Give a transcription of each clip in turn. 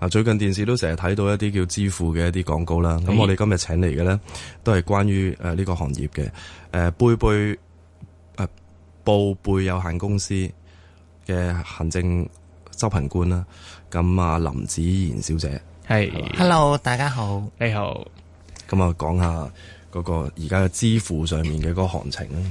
啊！最近電視都成日睇到一啲叫支付嘅一啲廣告啦，咁我哋今日請嚟嘅咧都係關於呢、呃呢個行業嘅，誒貝貝誒報貝有限公司嘅行政執行官啦，咁啊林梓妍小姐，係是吧，hello 大家好，你好，咁啊講下嗰個而家嘅支付上面嘅嗰個行情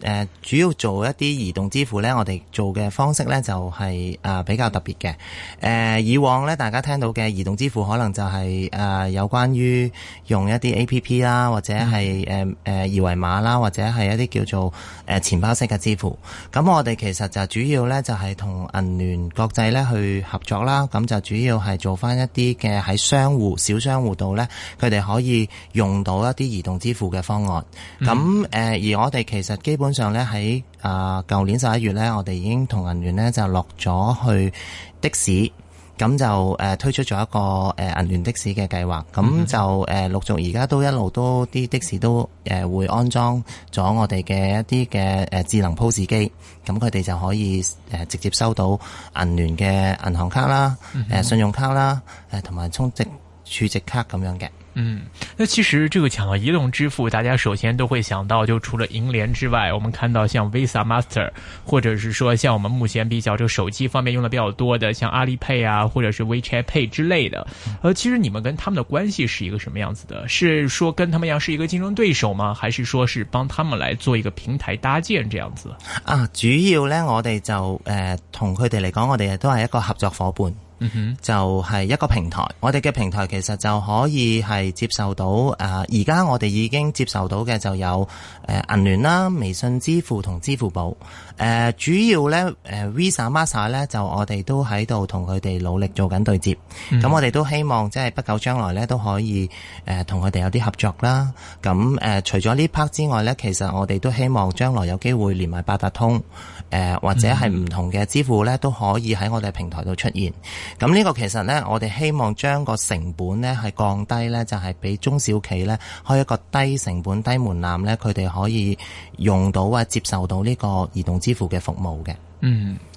誒、呃、主要做一啲移動支付咧，我哋做嘅方式咧就係、是、誒、呃、比較特別嘅。誒、呃、以往咧，大家聽到嘅移動支付可能就係、是、誒、呃、有關於用一啲 A P P 啦，或者係誒誒二維碼啦，或者係一啲叫做誒、呃、錢包式嘅支付。咁我哋其實就主要咧就係同銀聯國際咧去合作啦。咁就主要係做翻一啲嘅喺商戶小商戶度咧，佢哋可以用到一啲移動支付嘅方案。咁誒、嗯呃、而我哋其實基本基本上咧喺啊，舊年十一月咧，我哋已經同銀聯咧就落咗去的士，咁就誒推出咗一個誒銀聯的士嘅計劃，咁就誒陸續而家都一路多啲的士都誒會安裝咗我哋嘅一啲嘅誒智能 POS 機，咁佢哋就可以誒直接收到銀聯嘅銀行卡啦、嗯、喲信用卡啦、誒同埋充值儲值卡咁樣嘅。嗯，那其實這個講到移動支付，大家首先都會想到，就除了銀聯之外，我們看到像 Visa、Master，或者是說像我們目前比較這個手機方面用的比較多的，像 Alipay 啊，或者是 WeChat Pay 之類的。呃，其實你們跟他們的關係是一個什麼樣子的？是說跟他們一樣是一個競爭對手嗎？還是說是幫他們來做一個平台搭建這樣子？啊，主要呢，我哋就誒，同佢哋嚟講，我哋都係一個合作伙伴。嗯哼，mm hmm. 就係一個平台。我哋嘅平台其實就可以係接受到誒，而、呃、家我哋已經接受到嘅就有誒銀聯啦、微信支付同支付寶。誒、呃、主要呢誒、呃、Visa、Master 呢，就我哋都喺度同佢哋努力做緊對接。咁、mm hmm. 我哋都希望即係不久將來呢，都可以誒同佢哋有啲合作啦。咁誒、呃、除咗呢 part 之外呢，其實我哋都希望將來有機會連埋八達通誒、呃，或者係唔同嘅支付呢，都可以喺我哋平台度出現。咁呢個其實呢，我哋希望將個成本呢係降低呢，就係俾中小企呢開一個低成本低門檻呢，佢哋可以用到啊，接受到呢個移動支付嘅服務嘅。嗯。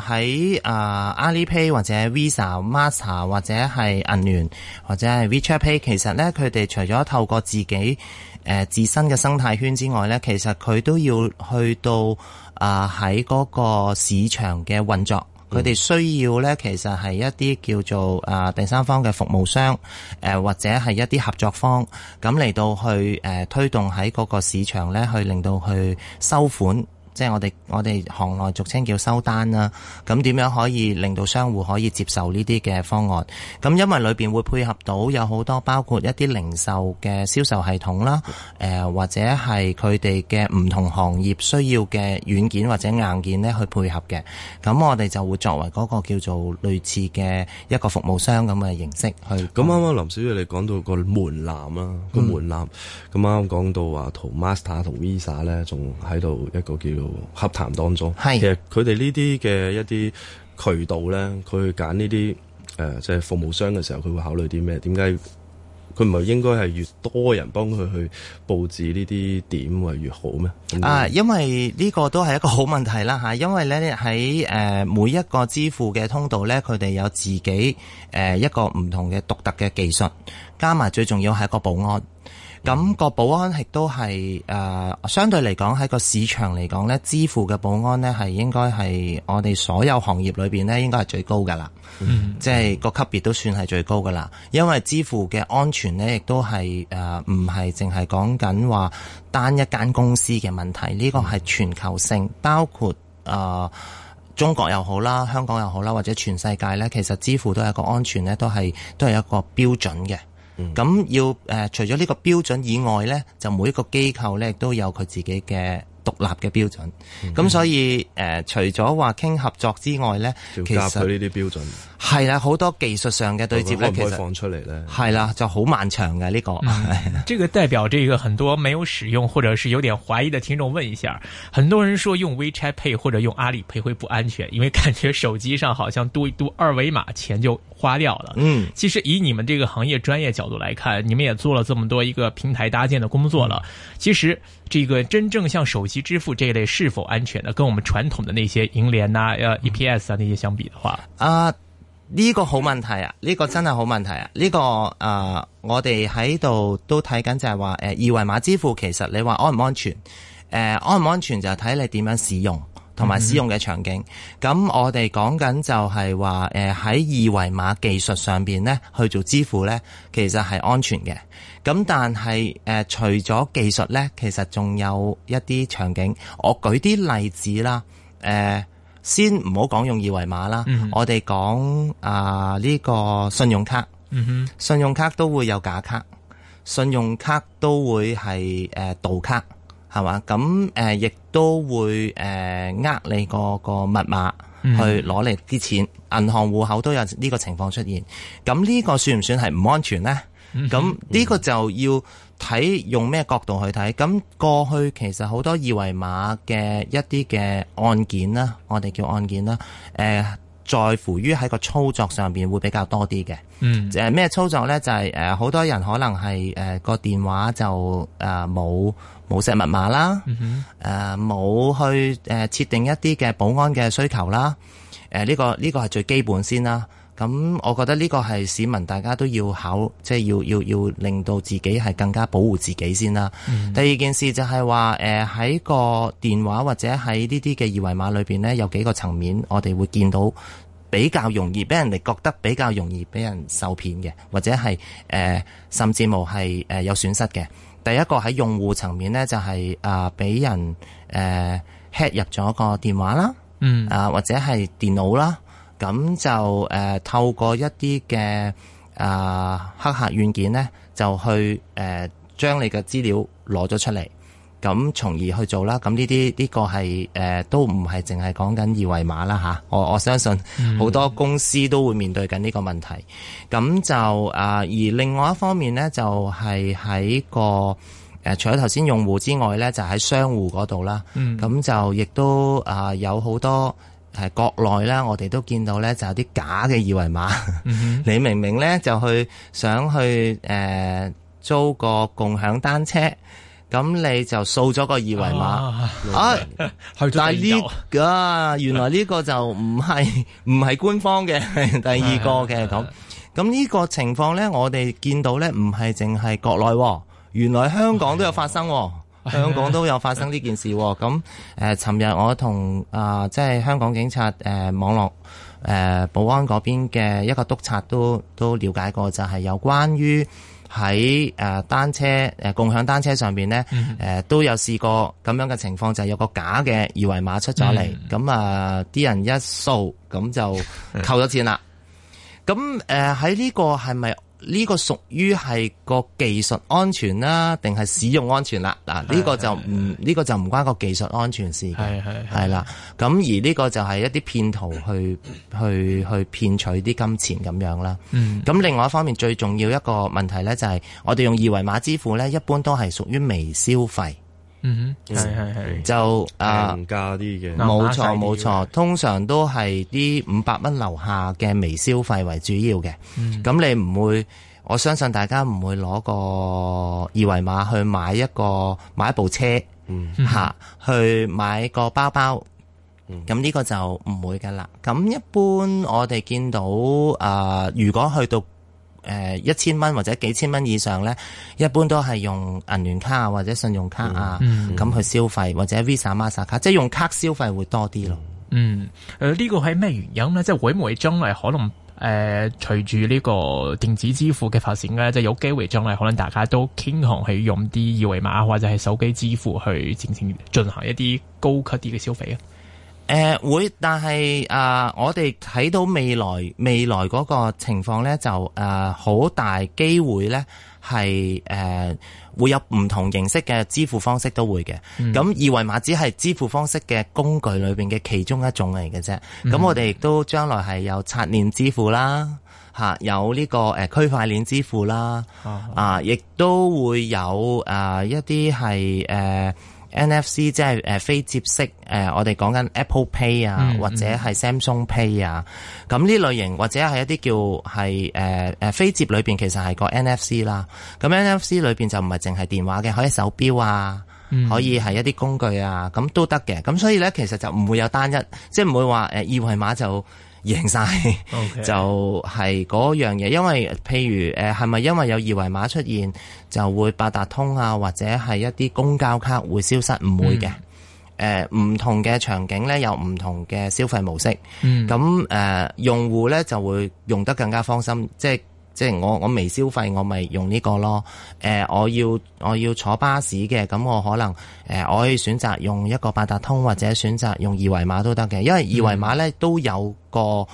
喺啊 Alipay 或者 Visa、Master 或者係銀聯或者係 WeChat Pay，其實咧佢哋除咗透過自己誒、呃、自身嘅生態圈之外咧，其實佢都要去到啊喺嗰個市場嘅運作，佢哋、嗯、需要咧其實係一啲叫做啊、呃、第三方嘅服務商誒、呃、或者係一啲合作方咁嚟到去誒、呃、推動喺嗰個市場咧去令到去收款。即係我哋我哋行內俗稱叫收單啦，咁點樣可以令到商戶可以接受呢啲嘅方案？咁因為裏邊會配合到有好多包括一啲零售嘅銷售系統啦，誒、呃、或者係佢哋嘅唔同行業需要嘅軟件或者硬件咧去配合嘅，咁我哋就會作為嗰個叫做類似嘅一個服務商咁嘅形式去。咁啱啱林小姐你講到個門檻啦，個門檻咁啱啱講到話同 Master 同 Visa、e、呢，仲喺度一個叫洽談當中，其實佢哋呢啲嘅一啲渠道咧，佢去揀呢啲誒，即、呃、係、就是、服務商嘅時候，佢會考慮啲咩？點解佢唔係應該係越多人幫佢去佈置呢啲點，會越好咩？啊，因為呢個都係一個好問題啦吓，因為咧喺誒每一個支付嘅通道咧，佢哋有自己誒、呃、一個唔同嘅獨特嘅技術，加埋最重要係一個保安。咁個保安亦都係誒，相對嚟講，喺個市場嚟講呢，支付嘅保安呢係應該係我哋所有行業裏邊呢應該係最高噶啦，即係、嗯嗯、個級別都算係最高噶啦。因為支付嘅安全呢，亦都係誒唔係淨係講緊話單一間公司嘅問題，呢、這個係全球性，包括誒、呃、中國又好啦、香港又好啦，或者全世界呢，其實支付都係一個安全呢，都係都係一個標準嘅。咁要誒除咗呢個標準以外咧，就每一個機構咧，都有佢自己嘅，獨立嘅標準，咁所以呃除咗話傾合作之外呢，嗯、其實佢呢啲標準係啦，好多技術上嘅對接咧，開放出嚟呢。係啦，就好漫長嘅呢、這個、嗯。 這個代表這個很多沒有使用或者是有點懷疑的聽眾問一下，很多人說用 WeChat Pay 或者用阿里 Pay 會不安全，因為感覺手機上好像嘟一嘟二維碼錢就花掉了。嗯，其實以你們這個行業專業角度來看，你們也做了這麼多一個平台搭建的工作了，其實。這個真正像手機支付這一類是否安全呢？跟我們傳統的那些銀聯啊、EPS 啊那些相比的話，啊呢個好問題啊，呢個真係好問題啊，呢個誒、啊、我哋喺度都睇緊就係話，誒二維碼支付其實你話安唔安全？誒安唔安全就睇你點樣使用。同埋使用嘅場景，咁、mm hmm. 我哋講緊就係話，喺、呃、二維碼技術上邊咧去做支付咧，其實係安全嘅。咁但係、呃、除咗技術咧，其實仲有一啲場景，我舉啲例子啦。誒、呃，先唔好講用二維碼啦，mm hmm. 我哋講啊呢個信用卡，mm hmm. 信用卡都會有假卡，信用卡都會係誒盜卡，係嘛？咁、呃、亦。都會誒呃你個個密碼去攞你啲錢，嗯、哼銀行戶口都有呢個情況出現。咁呢個算唔算係唔安全呢？咁呢、嗯、哼個就要睇用咩角度去睇。咁過去其實好多二維碼嘅一啲嘅案件啦，我哋叫案件啦，誒、呃。在乎於喺個操作上邊會比較多啲嘅，誒咩、嗯、操作咧？就係誒好多人可能係誒個電話就誒冇冇 set 密碼啦，誒冇、呃、去誒設、呃、定一啲嘅保安嘅需求啦，誒、呃、呢、這個呢、這個係最基本先啦。咁，我覺得呢個係市民大家都要考，即係要要要令到自己係更加保護自己先啦。嗯、第二件事就係話，誒、呃、喺個電話或者喺呢啲嘅二維碼裏面呢，有幾個層面，我哋會見到比較容易俾人哋覺得比較容易俾人受騙嘅，或者係誒、呃、甚至乎係、呃、有損失嘅。第一個喺用戶層面呢，就係啊俾人誒 hack、呃、入咗個電話啦，嗯啊、呃、或者係電腦啦。咁就誒、呃、透過一啲嘅啊黑客軟件咧，就去誒、呃、將你嘅資料攞咗出嚟，咁從而去做啦。咁呢啲呢個係誒、呃、都唔係淨係講緊二維碼啦吓，我我相信好多公司都會面對緊呢個問題。咁、嗯、就啊、呃，而另外一方面咧，就係、是、喺個、呃、除咗頭先用戶之外咧，就喺、是、商戶嗰度啦。咁、嗯、就亦都啊有好多。係國內呢，我哋都見到咧，就有啲假嘅二維碼。嗯、哼你明明咧就去想去誒租個共享單車，咁你就掃咗個二維碼。哦、明明啊，但呢這個 原來呢個就唔係唔係官方嘅第二個嘅咁。咁呢個情況咧，我哋見到咧唔係淨係國內，原來香港都有發生喎。香港都有發生呢件事喎，咁誒，尋日我同啊，即係香港警察誒網絡誒保安嗰邊嘅一個督察都都了解過，就係有關於喺誒單車誒共享單車上邊咧，誒都有試過咁樣嘅情況，就係、是、有個假嘅二維碼出咗嚟，咁啊啲人一掃咁就扣咗錢啦。咁誒喺呢個係咪？呢個屬於係個技術安全啦，定係使用安全啦？嗱，呢個就唔呢是個就唔關個技術安全事嘅，係係係啦。咁而呢個就係一啲騙徒去 去去騙取啲金錢咁樣啦。咁、嗯、另外一方面，最重要一個問題呢、就係，就係我哋用二維碼支付呢，一般都係屬於微消費。嗯哼，係係係，hmm. 是是是是就平價啲嘅，冇錯冇錯，通常都係啲五百蚊樓下嘅微消費為主要嘅。咁、mm hmm. 你唔會，我相信大家唔會攞個二維碼去買一個買一部車，吓、mm hmm. 啊、去買一個包包。咁呢、mm hmm. 個就唔會噶啦。咁一般我哋見到誒、呃，如果去到。誒、呃、一千蚊或者幾千蚊以上咧，一般都係用銀聯卡啊或者信用卡啊咁、嗯嗯、去消費，或者 Visa、Master 卡，即係用卡消費會多啲咯。嗯，誒呢個係咩原因咧？即係會唔會將來可能誒、呃、隨住呢個電子支付嘅發展咧，就有機會將嚟可能大家都傾向係用啲二維碼或者係手機支付去進行進行一啲高級啲嘅消費啊？誒、呃，會，但係誒、呃，我哋睇到未來未來嗰個情況咧，就誒好、呃、大機會咧，係誒、呃、會有唔同形式嘅支付方式都會嘅。咁二維碼只係支付方式嘅工具裏邊嘅其中一種嚟嘅啫。咁、嗯、我哋亦都將來係有刷臉支付啦，吓有呢個誒區塊鏈支付啦，啊，亦、這個呃啊、都會有誒一啲係誒。呃 NFC 即係非接式誒，我哋講緊 Apple Pay 啊，或者係 Samsung Pay 啊，咁呢類型或者係一啲叫係誒非接裏面，其實係個 NFC 啦。咁 NFC 裏面就唔係淨係電話嘅，可以手錶啊，可以係一啲工具啊，咁、mm hmm. 都得嘅。咁所以咧，其實就唔會有單一，即係唔會話誒、呃、二維碼就贏晒 Okay. 就係嗰樣嘢，因為譬如誒，係咪因為有二維碼出現就會八達通啊，或者係一啲公交卡會消失？唔、嗯、會嘅。誒、呃，唔同嘅場景咧，有唔同嘅消費模式。咁誒、嗯呃，用戶咧就會用得更加放心，即係。即係我我未消費，我咪用呢個咯。呃、我要我要坐巴士嘅，咁我可能、呃、我可以選擇用一個八達通，或者選擇用二維碼都得嘅。因為二維碼咧、嗯、都有個、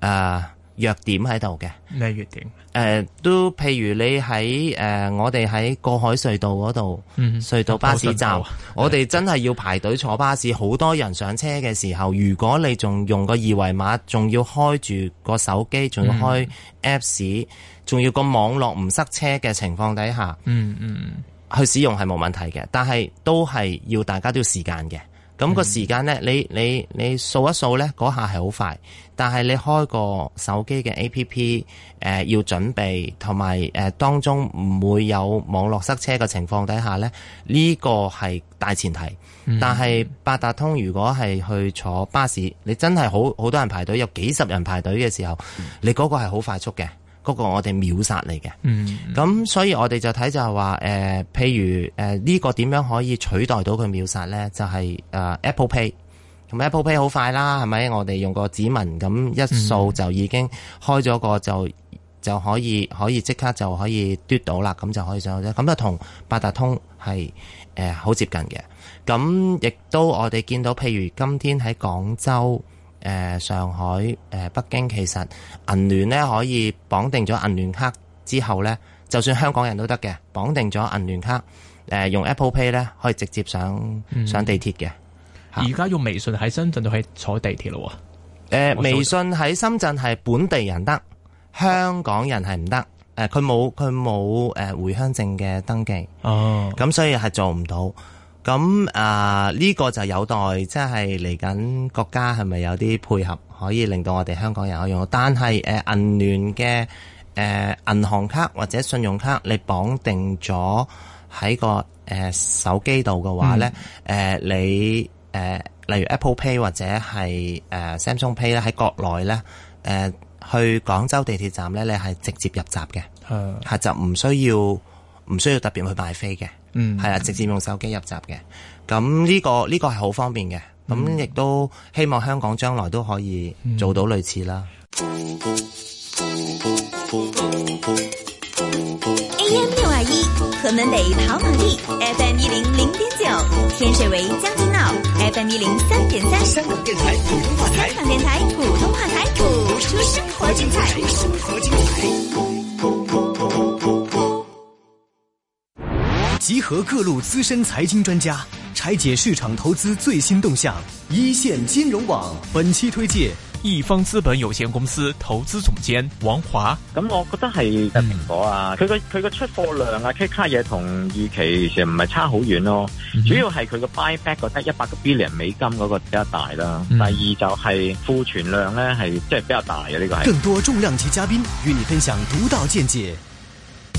呃弱點喺度嘅咩弱點？誒、呃，都譬如你喺誒、呃，我哋喺過海隧道嗰度，嗯、隧道巴士站，罩我哋真係要排隊坐巴士，好的多人上車嘅時候，如果你仲用個二維碼，仲要開住個手機，仲要開 Apps，仲，嗯、要個網絡唔塞車嘅情況底下，嗯嗯，去使用係冇問題嘅，但係都係要大家都要時間嘅。咁個時間呢，你你你掃一掃呢，嗰下係好快。但係你開個手機嘅 App，呃、誒要準備同埋誒當中唔會有網絡塞車嘅情況底下呢，呢、呢個係大前提。但係八達通如果係去坐巴士，你真係好好多人排隊，有幾十人排隊嘅時候，你嗰個係好快速嘅。嗰個我哋秒殺嚟嘅，咁、嗯、所以我哋就睇就係話，誒、呃，譬如誒呢、呃這個點樣可以取代到佢秒殺呢？就係、是、誒、呃、Apple Pay，同、嗯、Apple Pay 好快啦，係咪？我哋用個指紋咁一掃就已經開咗個就就可以可以即刻就可以嘟到啦，咁就可以上手啫。咁就同八達通係誒好接近嘅，咁亦都我哋見到，譬如今天喺廣州。誒、呃、上海誒、呃、北京，其實銀聯咧，可以綁定咗銀聯卡之後咧，就算香港人都得嘅，綁定咗銀聯卡誒、呃、用 Apple Pay 咧可以直接上、嗯、上地鐵嘅。而家用微信喺深圳就可以坐地鐵啦喎。誒微信喺深圳係本地人得，香港人係唔得。誒佢冇佢冇誒回鄉證嘅登記哦，咁所以係做唔到。咁啊，呢、呃個就有待即係嚟緊國家係咪有啲配合，可以令到我哋香港人可以用。但係誒、呃、銀聯嘅誒銀行卡或者信用卡，你綁定咗喺個誒、呃、手機度嘅話咧，誒、嗯呃、你誒、呃、例如 Apple Pay 或者係誒、呃、Samsung Pay 咧，喺國內咧誒、呃、去廣州地鐵站咧，你係直接入閘嘅，係就唔需要唔需要特別去買飛嘅。嗯，係啊，直接用手機入閘嘅，咁、嗯、呢、嗯這個呢、這個係好方便嘅，咁、嗯、亦、嗯、都希望香港將來都可以做到類似啦。嗯嗯、AM 六二一，屯門北跑馬地，FM 一零零點九，9，天水圍將軍澳，FM 一零三點三，香港電台普通話台，香港電台普通話台，播出生活精彩，生活精彩。集合各路資深財經專家，拆解市場投資最新動向。一線金融網本期推介：易方資本有限公司投資總監王華。咁我覺得係、嗯啊、蘋果啊，佢個佢個出貨量啊，卡卡嘢同預期其實唔係差好遠咯。嗯、主要係佢個 buy back 覺得一百個 billion 美金嗰個比較大啦。嗯、第二就係庫存量咧，係即係比較大嘅呢、這個係。更多重量級嘉賓與你分享獨到見解。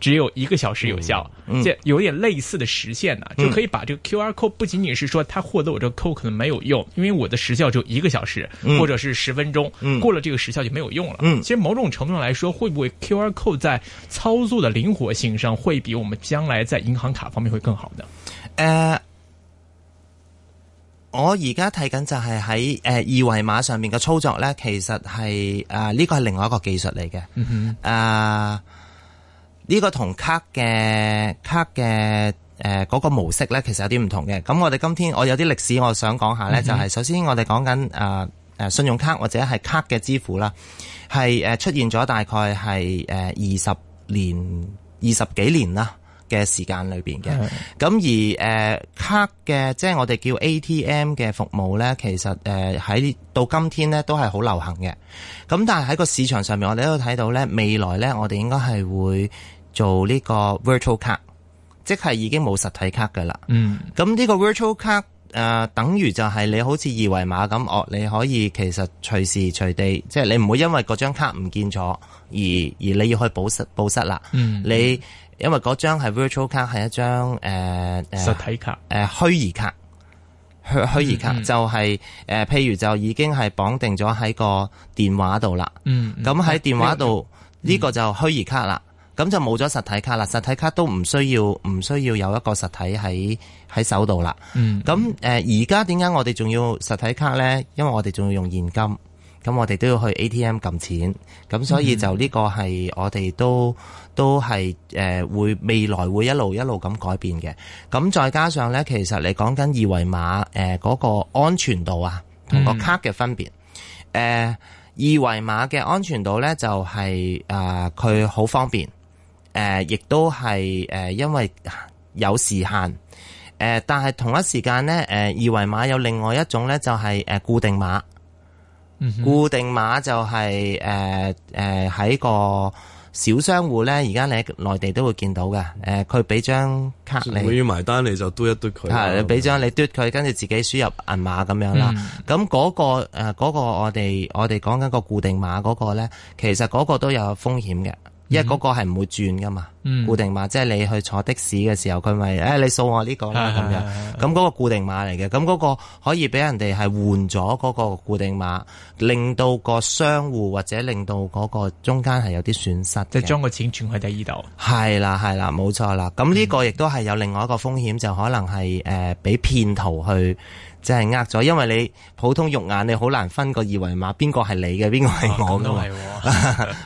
只有一個小時有效，這、嗯嗯、有點類似的實現呢、啊，嗯、就可以把這個 QR code 不僅僅是說它獲得我這個 code 可能沒有用，因為我的時效就一個小時，嗯、或者是十分鐘，嗯、過了這個時效就沒有用了。嗯、其實某種程度上來說，會不會 QR code 在操作的靈活性上會比我們將來在銀行卡方面會更好呢、呃？我而家睇緊就係喺、呃、二維碼上面嘅操作呢，其實係呢、呃呢個係另外一個技術嚟嘅，啊、嗯哼。呃呢個同卡嘅卡嘅誒嗰個模式咧，其實有啲唔同嘅。咁我哋今天我有啲歷史，我想講下咧，mm hmm. 就係首先我哋講緊誒信用卡或者係卡嘅支付啦，係出現咗大概係誒二十年二十幾年啦嘅時間裏面嘅。咁、mm hmm. 而誒、呃、卡嘅即係我哋叫 ATM 嘅服務咧，其實誒喺、呃、到今天咧都係好流行嘅。咁但係喺個市場上面，我哋都睇到咧未來咧，我哋應該係會。做呢個 virtual 卡，即係已經冇實體卡噶啦。嗯，咁呢個 virtual 卡誒、呃，等於就係你好似二維碼咁，哦，你可以其實隨時隨地，即係你唔會因為嗰張卡唔見咗而而你要去補實報失啦。嗯，你因為嗰張係 virtual 卡係一張誒誒、呃呃、實體卡誒、呃，虛擬卡虛虛擬卡、嗯、就係、是、誒、呃，譬如就已經係綁定咗喺個電話度啦、嗯。嗯，咁喺電話度呢、呢個嗯、個就虛擬卡啦。咁就冇咗實體卡啦，實體卡都唔需要，唔需要有一個實體喺喺手度啦。咁誒，而家點解我哋仲要實體卡呢？因為我哋仲要用現金，咁我哋都要去 ATM 撳錢，咁所以就呢個係我哋都都係誒會未來會一路一路咁改變嘅。咁再加上呢，其實你講緊二維碼誒嗰、呃那個安全度啊，同個卡嘅分別。嗯、呃、二維碼嘅安全度呢，就係呃佢好方便。誒、呃，亦都係誒、呃，因為有時限。誒、呃，但係同一時間咧，誒、呃，二維碼有另外一種咧，就係、是、誒固定碼。嗯、哼固定碼就係誒誒喺個小商戶咧，而家你喺內地都會見到嘅。誒、呃，佢俾張卡你，佢要埋單你就嘟一嘟佢。係，俾張你嘟佢，跟住自己輸入銀碼咁樣啦。咁嗰、嗯那個誒嗰、呃那個我哋我哋講緊個固定碼嗰個咧，其實嗰個都有風險嘅。因為嗰個係唔會轉噶嘛。嗯，固定碼即係你去坐的士嘅時候，佢咪誒你掃我呢個啦咁是樣，咁、那、嗰個固定碼嚟嘅，咁、那、嗰個可以俾人哋係換咗嗰個固定碼，令到個商戶或者令到嗰個中間係有啲損失嘅，即係將個錢轉去第二度。係啦係啦，冇錯啦。咁呢個亦都係有另外一個風險，就可能係誒俾騙徒去即係呃咗，因為你普通肉眼你好難分個二維碼邊個係你嘅邊個係我噶嘛，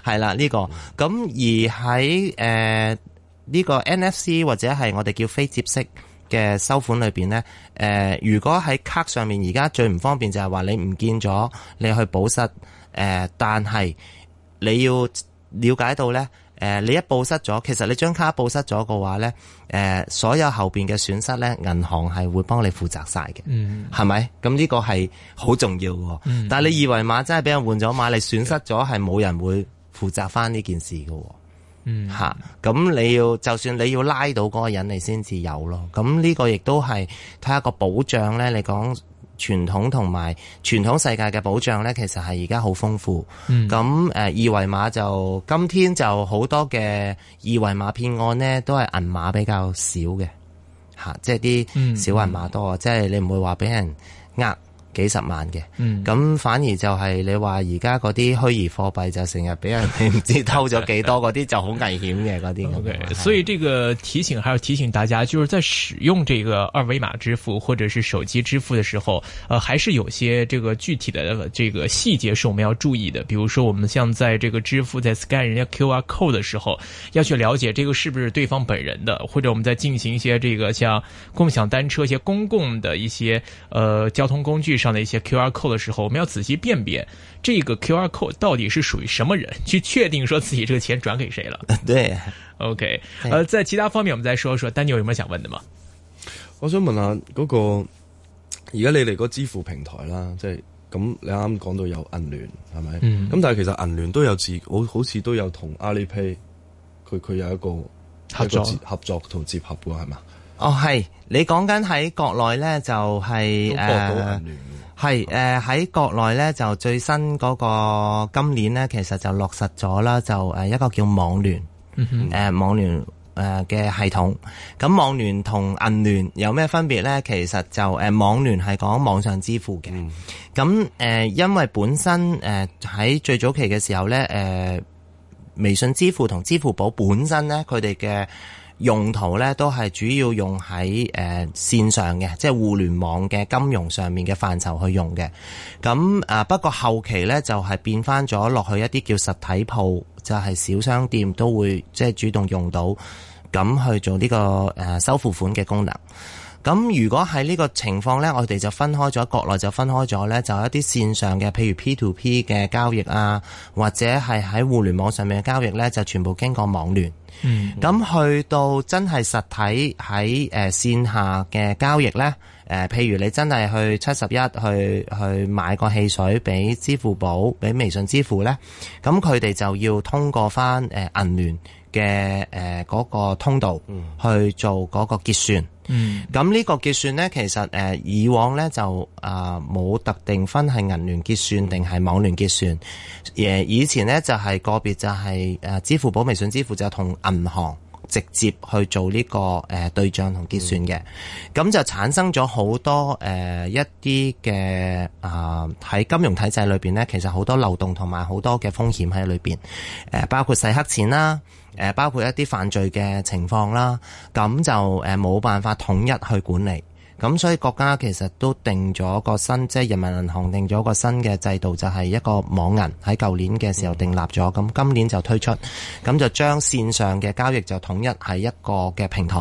係啦呢個。咁而喺誒。呃呢個 NFC 或者係我哋叫非接式嘅收款裏邊呢，誒、呃，如果喺卡上面而家最唔方便就係話你唔見咗，你去報失誒、呃，但係你要了解到呢，誒、呃，你一報失咗，其實你張卡報失咗嘅話呢，誒、呃，所有後邊嘅損失呢，銀行係會幫你負責晒嘅，係咪、嗯？咁呢個係好重要嘅，嗯、但係你二維碼真係俾人換咗碼，你損失咗係冇人會負責返呢件事嘅。嗯，吓、啊，咁你要就算你要拉到嗰個人，你先至有咯。咁呢個亦都係睇下個保障咧。你講傳統同埋傳統世界嘅保障咧，其實係而家好豐富。咁誒、嗯啊，二維碼就今天就好多嘅二維碼騙案咧，都係銀碼比較少嘅，吓、啊，即係啲少銀碼多，嗯、即係你唔會話俾人呃。幾十萬嘅，咁反而就係你話而家嗰啲虛擬貨幣就成日俾人唔知偷咗幾多嗰啲就好危險嘅嗰啲咁。嗯、麼 okay, 所以這個提醒，還要提醒大家，就是在使用這個二維碼支付或者是手機支付的時候，呃，還是有些這個具體的這個細節是我們要注意的。比如說我們像在這個支付在 scan 人家 QR code 的時候，要去了解這個是不是對方本人的，或者我們在進行一些這個像共享單車一些公共的一些呃交通工具上的一些 QR Code 的時候，我們要仔細辨別這個 QR Code 到底是屬於什麼人，去確定說自己這個錢轉給誰了。對，OK，對呃，在其他方面我們再說一說。丹尼有什麼想問的嗎？我想問下，嗰、那個而家你嚟嗰支付平台啦，即係咁，你啱講到有銀聯，係咪？咁、嗯、但係其實銀聯都有自，好好似都有同 Alipay，佢佢有一個合作個合作同接合，係嘛？哦，係你講緊喺國內咧、就是，就係誒，係誒喺國內咧就最新嗰個今年咧，其實就落實咗啦，就誒一個叫網聯，誒、嗯、哼網聯誒嘅系統。咁網聯同銀聯有咩分別咧？其實就誒網聯係講網上支付嘅。咁誒、嗯、因為本身誒喺最早期嘅時候咧，誒微信支付同支付寶本身咧，佢哋嘅。用途咧都係主要用喺誒線上嘅，即係互聯網嘅金融上面嘅範疇去用嘅。咁誒不過後期咧就係變翻咗落去一啲叫實體鋪，就係小商店都會即係主動用到，咁去做呢個誒收付款嘅功能。咁如果係呢個情況呢，我哋就分開咗國內就分開咗呢，就一啲線上嘅，譬如 P to P 嘅交易啊，或者係喺互聯網上面嘅交易呢，就全部經過網聯。咁、嗯嗯、去到真係實體喺誒線下嘅交易呢，誒譬如你真係去七十一去去買個汽水，俾支付寶，俾微信支付呢，咁佢哋就要通過翻誒銀聯嘅誒嗰個通道去做嗰個結算。嗯，咁呢個結算呢，其實誒以往呢就啊冇特定分係銀聯結算定係網聯結算，誒以前呢，就係個別就係誒支付寶、微信支付就同銀行直接去做呢個誒對賬同結算嘅，咁就產生咗好多誒一啲嘅啊喺金融體制裏邊呢，其實好多漏洞同埋好多嘅風險喺裏邊，包括洗黑錢啦。誒包括一啲犯罪嘅情況啦，咁就誒冇辦法統一去管理，咁所以國家其實都定咗個新，即係人民銀行定咗個新嘅制度，就係一個網銀喺舊年嘅時候訂立咗，咁今年就推出，咁就將線上嘅交易就統一喺一個嘅平台，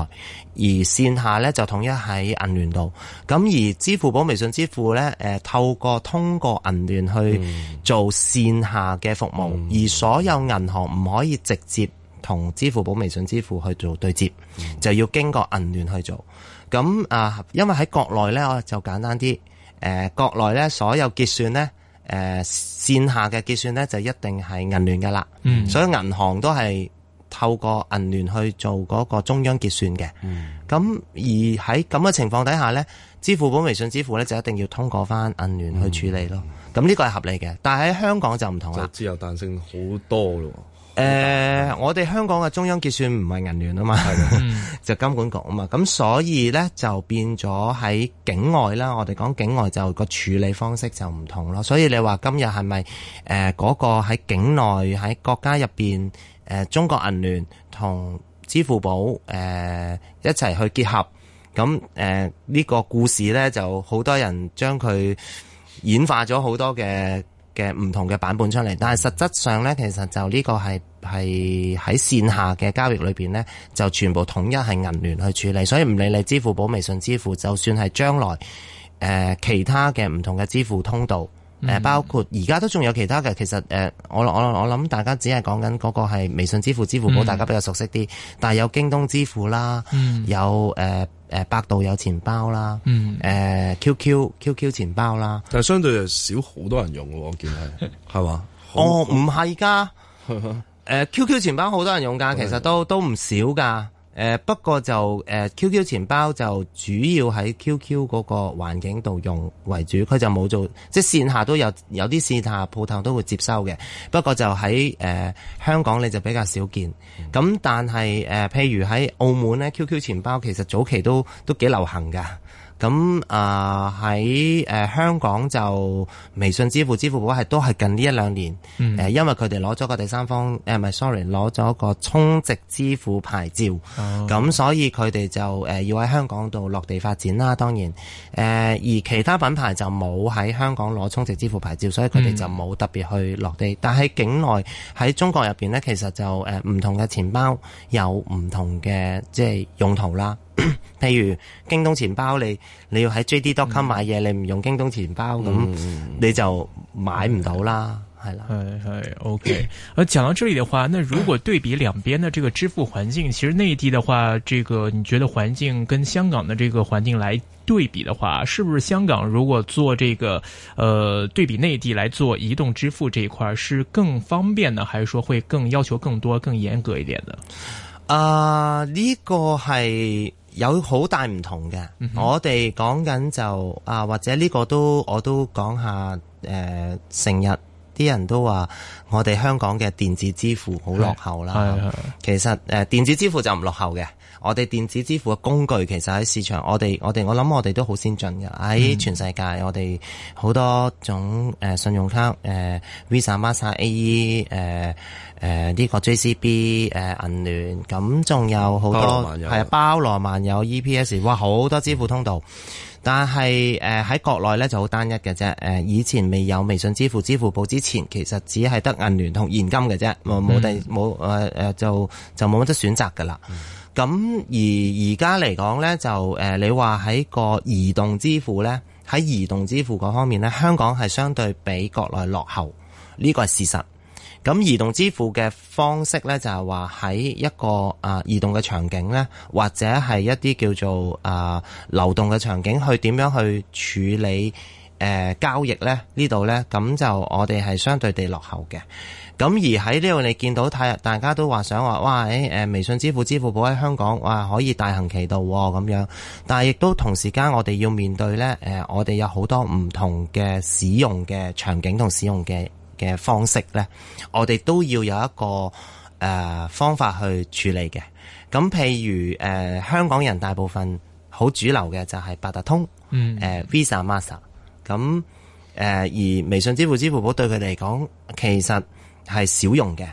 而線下呢就統一喺銀聯度，咁而支付寶、微信支付呢，透過通過銀聯去做線下嘅服務，嗯、而所有銀行唔可以直接。同支付寶、微信支付去做對接，嗯、就要經過銀聯去做。咁啊，因為喺國內呢，我就簡單啲。誒、呃，國內呢，所有結算呢，誒、呃、線下嘅結算呢，就一定係銀聯㗎啦。嗯、所以銀行都係透過銀聯去做嗰個中央結算嘅。咁、嗯、而喺咁嘅情況底下呢，支付寶、微信支付呢，就一定要通過翻銀聯去處理咯。咁呢、嗯、個係合理嘅，但係喺香港就唔同啦。就自由彈性好多咯。誒，呃、我哋香港嘅中央結算唔係銀聯啊嘛，的 就金管局啊嘛，咁所以咧，就變咗喺境外啦。我哋講境外，就個處理方式就唔同咯。所以你話今日係咪誒嗰個喺境內喺國家入邊誒中國銀聯同支付寶誒、呃、一齊去結合？咁誒呢個故事咧，就好多人將佢演化咗好多嘅。嘅唔同嘅版本出嚟，但係實質上咧，其實就呢個係係喺線下嘅交易裏邊咧，就全部統一係銀聯去處理，所以唔理你支付寶、微信支付，就算係將來誒、呃、其他嘅唔同嘅支付通道。誒、嗯、包括而家都仲有其他嘅，其實誒我我我諗大家只係講緊嗰個係微信支付、支付寶，嗯、大家比較熟悉啲。但係有京東支付啦，嗯、有誒誒、呃、百度有錢包啦，誒 QQ QQ 錢包啦。但係相對少好多人用喎。我見係係嘛？哦，唔係㗎，誒 QQ 錢包好多人用㗎，其實都都唔少㗎。誒、呃、不過就誒、呃、QQ 錢包就主要喺 QQ 嗰個環境度用為主，佢就冇做即係，線下都有，有啲線下鋪頭都會接收嘅，不過就喺誒、呃、香港你就比較少見。咁但係誒、呃、譬如喺澳門咧，QQ 錢包其實早期都都幾流行㗎。咁啊，喺香港就微信支付、支付寶係都係近呢一兩年、嗯呃、因為佢哋攞咗個第三方誒，唔、呃、係 sorry，攞咗個充值支付牌照。咁、哦、所以佢哋就、呃、要喺香港度落地發展啦。當然誒、呃，而其他品牌就冇喺香港攞充值支付牌照，所以佢哋就冇特別去落地。嗯、但喺境內喺中國入邊咧，其實就唔、呃、同嘅錢包有唔同嘅即係用途啦。 譬如京東錢包，你你要喺 JD.com 買嘢，嗯、你唔用京東錢包咁，嗯、你就買唔到啦，係啦。誒，OK。講到這裏的話， 那如果對比兩邊的這個支付環境，其實內地的話，這個你覺得環境跟香港的這個環境來對比的話，是不是香港如果做這個，呃對比內地來做移動支付這一塊，是更方便呢，還是說會更要求更多、更嚴格一點的？啊、呃，呢、這個係。有好大唔同嘅，嗯、哼我哋講緊就啊，或者呢個都我都講下，誒、呃，成日啲人都話我哋香港嘅電子支付好落後啦。係係，其實誒、呃，電子支付就唔落後嘅。我哋電子支付嘅工具其實喺市場，我哋我哋我諗我哋都好先進嘅喺全世界，我哋好多種信用卡、呃、Visa Master, AE、呃、Master、呢個呃、AE 呢個 JCB 銀聯，咁、呃、仲有好多係啊包羅萬有，有 EPS，哇好多支付通道。嗯、但係喺、呃、國內咧就好單一嘅啫、呃。以前未有微信支付、支付寶之前，其實只係得銀聯同現金嘅啫，冇冇冇就就冇乜得選擇噶啦。嗯咁而而家嚟講呢，就誒你話喺個移動支付呢，喺移動支付嗰方面呢，香港係相對比國內落後，呢個係事實。咁移動支付嘅方式呢，就係話喺一個啊移動嘅場景呢，或者係一啲叫做啊流動嘅場景，去點樣去處理誒交易呢？呢度呢，咁就我哋係相對地落後嘅。咁而喺呢度你見到太，大家都話想話，哇微信支付、支付寶喺香港哇可以大行其道喎、哦、咁樣，但係亦都同時間我哋要面對呢、呃，我哋有好多唔同嘅使用嘅場景同使用嘅嘅方式呢，我哋都要有一個、呃、方法去處理嘅。咁、呃、譬如、呃、香港人大部分好主流嘅就係八達通、嗯、呃、Visa、Master、呃、Master，咁而微信支付、支付寶對佢嚟講其實，係少用嘅，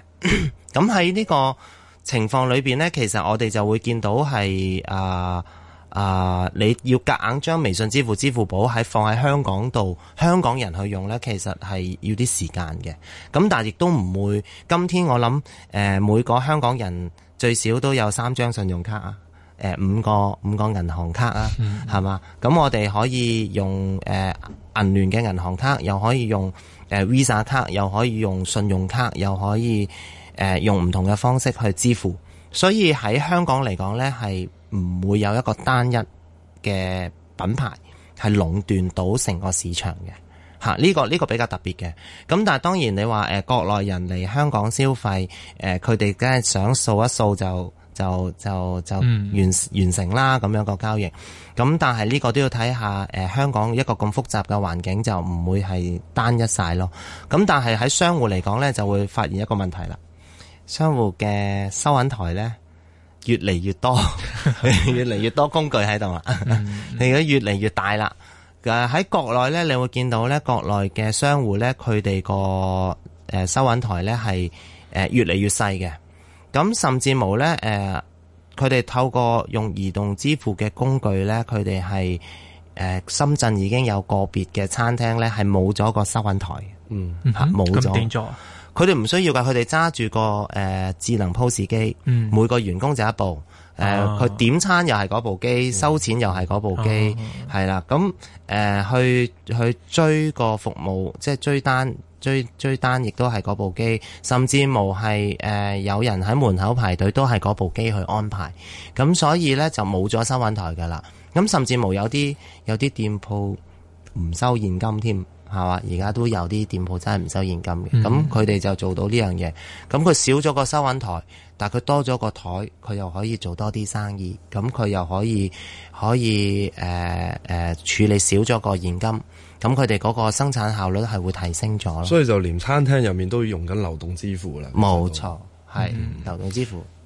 咁喺呢個情況裏邊呢，其實我哋就會見到係啊啊，你要夾硬將微信支付、支付寶喺放喺香港度，香港人去用呢，其實係要啲時間嘅。咁但係亦都唔會，今天我諗誒、呃，每個香港人最少都有三張信用卡啊，誒、呃、五個五個銀行卡啊，係嘛、嗯？咁我哋可以用誒銀聯嘅銀行卡，又可以用。誒 Visa 卡又可以用信用卡，又可以誒用唔同嘅方式去支付，所以喺香港嚟講咧，係唔會有一個單一嘅品牌係壟斷到成個市場嘅吓、這個，呢個呢個比較特別嘅。咁但係當然你話誒國內人嚟香港消費，誒，佢哋梗係想掃一掃就。就就就完、嗯、完成啦，咁樣個交易。咁但係呢個都要睇下，誒、呃，香港一個咁複雜嘅環境就唔會係單一晒咯。咁但係喺商戶嚟講呢就會發現一個問題啦。商戶嘅收銀台呢，越嚟越多， 越嚟越多工具喺度啦，而家、嗯、 越嚟越大啦。喺國內呢，你會見到呢國內嘅商戶呢，佢哋個誒收銀台呢，係誒越嚟越細嘅。咁甚至冇咧，誒、呃，佢哋透過用移動支付嘅工具咧，佢哋係誒深圳已經有個別嘅餐廳咧，係冇咗個收銀台，嗯，嚇冇咗。佢哋唔需要㗎，佢哋揸住個誒、呃、智能 POS 機，嗯、每個員工就一部，誒佢、啊呃、點餐又係嗰部機，啊、收錢又係嗰部機，係啦、啊，咁、啊、誒、呃、去去追個服務，即係追單。追追單亦都係嗰部機，甚至乎係誒有人喺門口排隊都係嗰部機去安排，咁所以呢，就冇咗收銀台㗎啦。咁甚至乎有啲有啲店鋪唔收現金添，係嘛？而家都有啲店鋪真係唔收現金嘅，咁佢哋就做到呢樣嘢。咁佢少咗個收銀台，但係佢多咗個台，佢又可以做多啲生意，咁佢又可以可以誒誒、呃呃、處理少咗個現金。咁佢哋嗰個生產效率係會提升咗，所以就連餐廳入面都要用緊流動支付啦。冇錯，係、嗯嗯、流動支付。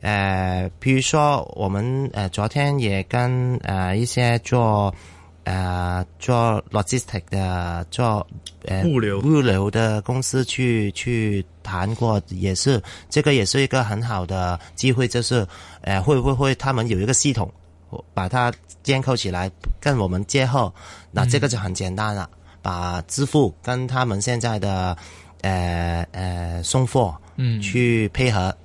呃，譬如說，我們呃昨天也跟呃一些做呃做 logistic 的做、呃、物流物流的公司去去談過，也是，這個也是一個很好的機會，就是呃會會會，會會他們有一個系統，把它建構起來跟我們結合，那這個就很簡單了，嗯、把支付跟他們現在的呃呃送貨嗯去配合。嗯嗯